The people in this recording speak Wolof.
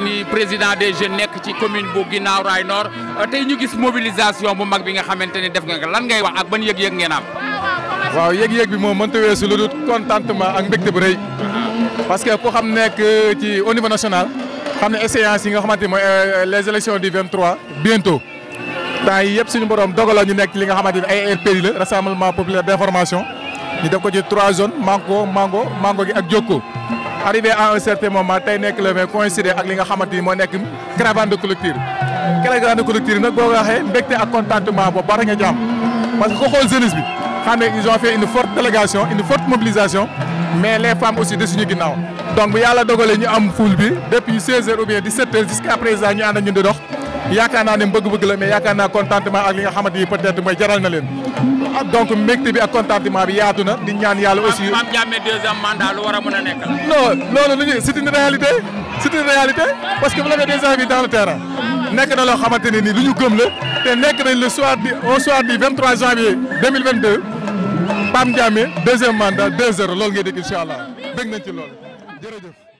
ni président des jeunes nekk ci commune bu Guinaw Rail Nord tey ñu gis mobilisation bu mag bi nga xamante ni def nga ko lan ngay wax ak ban yëg-yëg ngeen waaw yëg-yëg bi moom mënta weesu lu dul contentement ak mbégte bu rëy. parce que ku xam nekk ci au niveau national xam ne échéances yi nga xamante ni mooy euh, les élections du 23 bientôt temps yi yëpp suñu borom dogaloo ñu nekk li nga xamante ni ay RPI la rassemblement populaire d' information ñu def ko ci trois zones Manko Mango Mango gi ak Jokko. arrivé à un certain moment tey nekk le vin coïncidé ak li nga xamante moo nekk caravane de culture caravane de culture nag boo ko waxee contentement boobu bari nga parce que xool jeunesse bi xam ne ils ont fait une forte délégation une forte mobilisation mais les femmes aussi de suñu ginnaaw donc bu yàlla dogalee ñu am foule bi depuis 16 heures ou bien 17 heures jusqu'à présent ñu ànd ñun di dox yaakaar naa ne bëgg-bëgg la mais yaakaar naa contentement ak li nga xamante ni peut-être mooy jaral na leen ah, donc mbégte bi ak contentement bi yaatu na di ñaan yàlla aussi. Pape Diame deuxième mandat lu war a mën a nekk la. loolu lu ñuy c'est une réalité c'est une réalité parce que vous l'avez déjà vu dans le terrain nekk na loo xamante ne ni lu ñu gëm la te nekk nañ le soir du au soir du 23 janvier 2022 Pape Diame deuxième mandat 2 loolu ngay dégg incha allah bég nañ ci loolu jërëjëf.